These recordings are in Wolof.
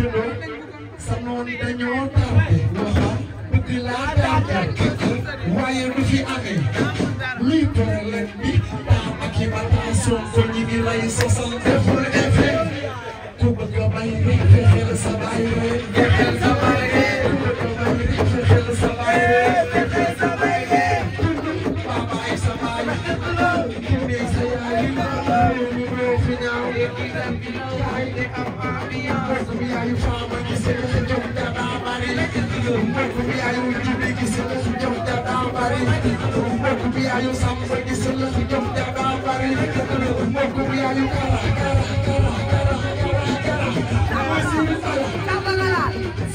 dëkkandoo sa noon dañoo tardé waxa bëgg laa daa jàkk waaye du fi amee ayu jibi gis la fi jom ja daa bari mbokk bi ayu samba gis la fi jom ja daa bari mbokk bi ayu kara kara kara kara kara kara sini sala samba kala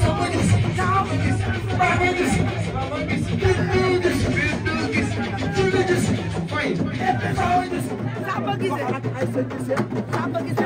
samba gis samba gis baba gis baba gis bindu gis bindu gis jibi gis fay samba gis samba gis samba gis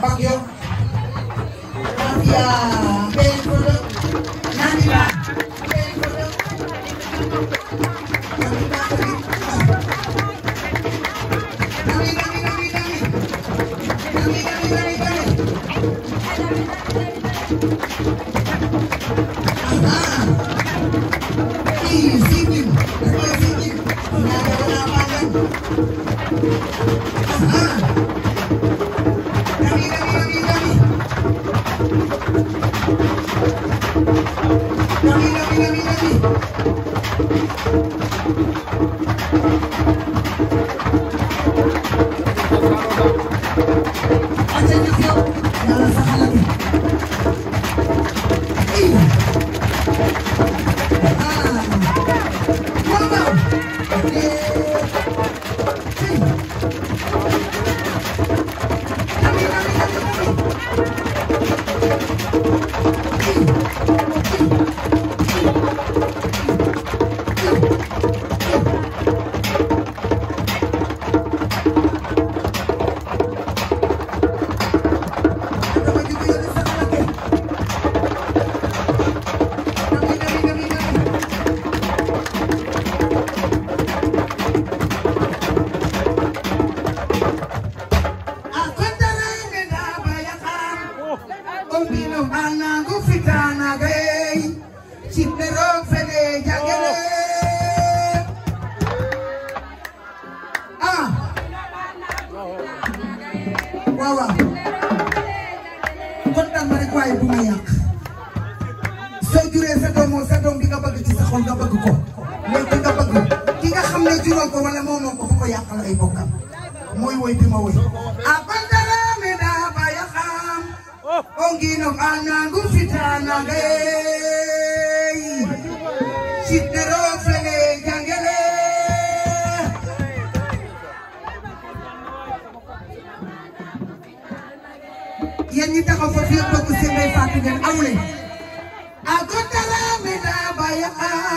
bagyo nantiya ɓeyen koɗo nanima ɓeyen koɗo Uh-huh. Yeah. ay bokkam muy woy bi ma woy a a bandara me da ba